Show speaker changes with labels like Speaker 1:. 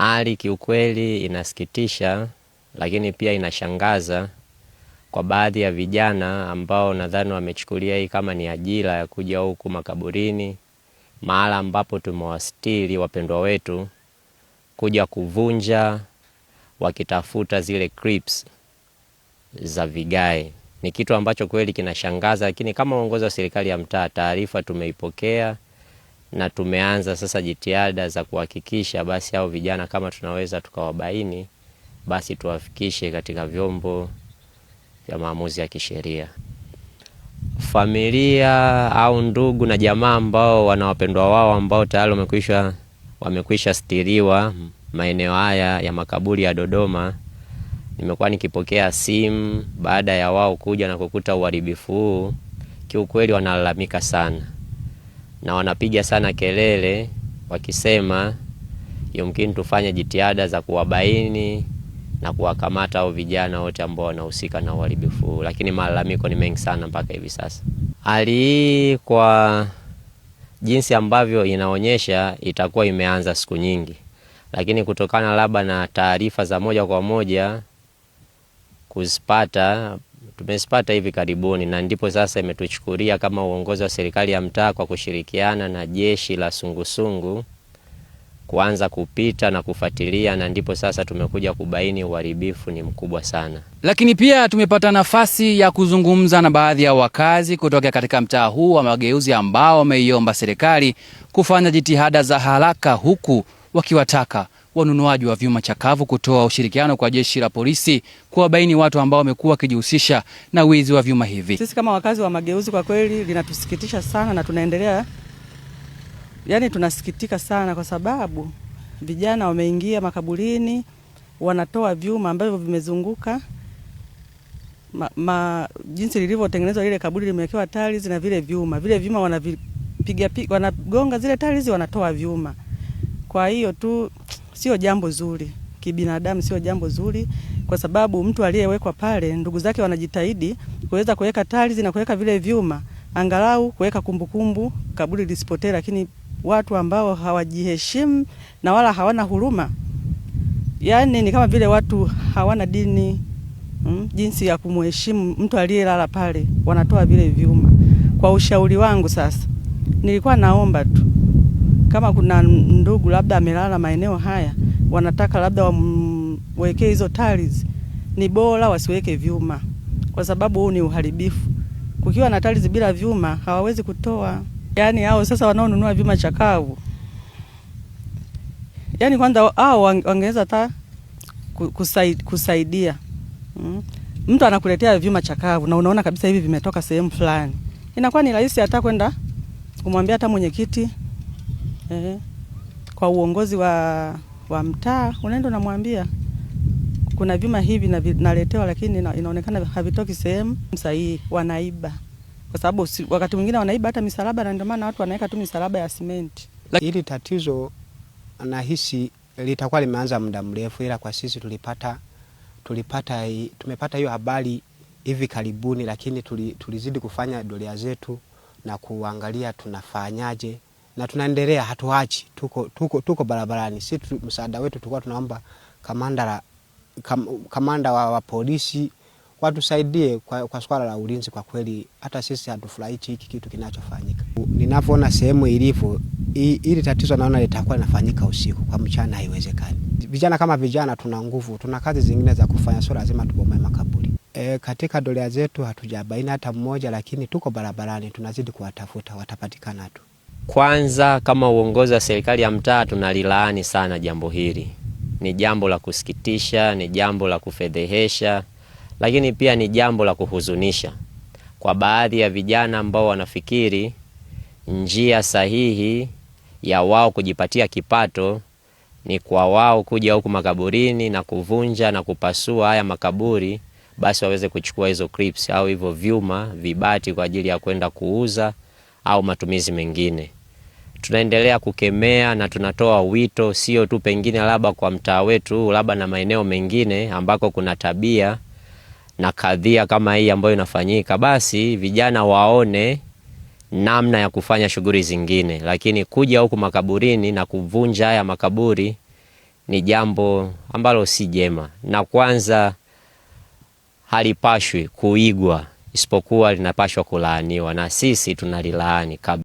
Speaker 1: Hali kiukweli inasikitisha, lakini pia inashangaza kwa baadhi ya vijana ambao nadhani wamechukulia hii kama ni ajira ya kuja huku makaburini, mahala ambapo tumewastiri wapendwa wetu, kuja kuvunja wakitafuta zile clips za vigae. Ni kitu ambacho kweli kinashangaza, lakini kama uongozi wa serikali ya mtaa, taarifa tumeipokea na tumeanza sasa jitihada za kuhakikisha basi hao vijana kama tunaweza tukawabaini, basi tuwafikishe katika vyombo vya maamuzi ya kisheria. Familia au ndugu na jamaa ambao wana wapendwa wao ambao tayari wamekwisha wamekwisha stiriwa maeneo haya ya makaburi ya Dodoma, nimekuwa nikipokea simu baada ya wao kuja na kukuta uharibifu huu, kiukweli wanalalamika sana na wanapiga sana kelele wakisema yumkini tufanye jitihada za kuwabaini na kuwakamata au vijana wote ambao wanahusika na uharibifu huu, lakini malalamiko ni mengi sana mpaka hivi sasa. Hali hii kwa jinsi ambavyo inaonyesha itakuwa imeanza siku nyingi, lakini kutokana labda na taarifa za moja kwa moja kuzipata tumezipata hivi karibuni, na ndipo sasa imetuchukulia kama uongozi wa serikali ya mtaa kwa kushirikiana na jeshi la sungusungu kuanza kupita na kufuatilia, na ndipo sasa tumekuja kubaini uharibifu ni mkubwa sana.
Speaker 2: Lakini pia tumepata nafasi ya kuzungumza na baadhi ya wakazi kutoka katika mtaa huu wa Mageuzi ambao wameiomba serikali kufanya jitihada za haraka, huku wakiwataka wanunuaji wa vyuma chakavu kutoa ushirikiano kwa jeshi la polisi kuwabaini watu ambao wamekuwa wakijihusisha na wizi wa vyuma hivi.
Speaker 3: Sisi kama wakazi wa Mageuzi, kwa kweli linatusikitisha sana na tunaendelea yani, tunasikitika sana kwa sababu vijana wameingia makaburini, wanatoa vyuma ambavyo vimezunguka ma, ma, jinsi lilivyotengenezwa lile kaburi limewekewa tarizi na vile vyuma vile vyuma wanavipiga wanagonga zile tarizi, wanatoa vyuma. Kwa hiyo tu sio jambo zuri kibinadamu, sio jambo zuri, kwa sababu mtu aliyewekwa pale, ndugu zake wanajitahidi kuweza kuweka tali na kuweka vile vyuma, angalau kuweka kumbukumbu kaburi lisipotee, lakini watu ambao hawajiheshimu na wala hawana huruma, yani ni kama vile watu hawana dini mm, jinsi ya kumheshimu mtu aliyelala pale, wanatoa vile vyuma. Kwa ushauri wangu sasa, nilikuwa naomba tu kama kuna ndugu labda amelala maeneo haya, wanataka labda wamwekee hizo tiles, ni bora wasiweke vyuma, kwa sababu huu ni uharibifu. Kukiwa na tiles bila vyuma hawawezi kutoa. Yani hao sasa wanaonunua vyuma chakavu, yani kwanza hao wangeweza hata kusaidia kusaidia. mm. Mtu anakuletea vyuma chakavu na unaona kabisa hivi vimetoka sehemu fulani, inakuwa ni rahisi hata kwenda kumwambia hata mwenyekiti eh, kwa uongozi wa, wa mtaa unaenda unamwambia kuna vyuma hivi naletewa, lakini inaonekana havitoki sehemu sahihi, wanaiba kwa sababu wakati mwingine wanaiba hata misalaba, na ndio maana watu wanaweka tu misalaba ya simenti.
Speaker 4: Hili tatizo nahisi litakuwa limeanza muda mrefu, ila kwa sisi tulipata, tulipata tumepata hiyo habari hivi karibuni, lakini tulizidi kufanya doria zetu na kuangalia tunafanyaje na tunaendelea, hatuachi, tuko, tuko, tuko barabarani. Si msaada wetu tulikuwa tunaomba kamanda, la, kam, kamanda wa, wa polisi watusaidie kwa, kwa swala la ulinzi. Kwa kweli hata sisi hatufurahi hiki kitu kinachofanyika. Ninavyoona sehemu ilivyo ili tatizo, naona litakuwa linafanyika usiku, kwa mchana haiwezekani. Vijana kama vijana, tuna nguvu, tuna kazi zingine za kufanya, sio lazima tubomoe makaburi. E, katika doria zetu hatujabaini hata mmoja, lakini tuko barabarani, tunazidi kuwatafuta, watapatikana tu.
Speaker 1: Kwanza kama uongozi wa serikali ya mtaa tunalilaani sana jambo hili. Ni jambo la kusikitisha, ni jambo la kufedhehesha, lakini pia ni jambo la kuhuzunisha kwa baadhi ya vijana ambao wanafikiri njia sahihi ya wao kujipatia kipato ni kwa wao kuja huku makaburini na kuvunja na kupasua haya makaburi, basi waweze kuchukua hizo clips au hivyo vyuma vibati kwa ajili ya kwenda kuuza au matumizi mengine tunaendelea kukemea na tunatoa wito, sio tu pengine labda kwa mtaa wetu, labda na maeneo mengine ambako kuna tabia na kadhia kama hii ambayo inafanyika, basi vijana waone namna ya kufanya shughuli zingine, lakini kuja huku makaburini na kuvunja haya makaburi ni jambo ambalo si jema, na kwanza halipashwi kuigwa, isipokuwa linapashwa kulaaniwa, na sisi tunalilaani kabisa.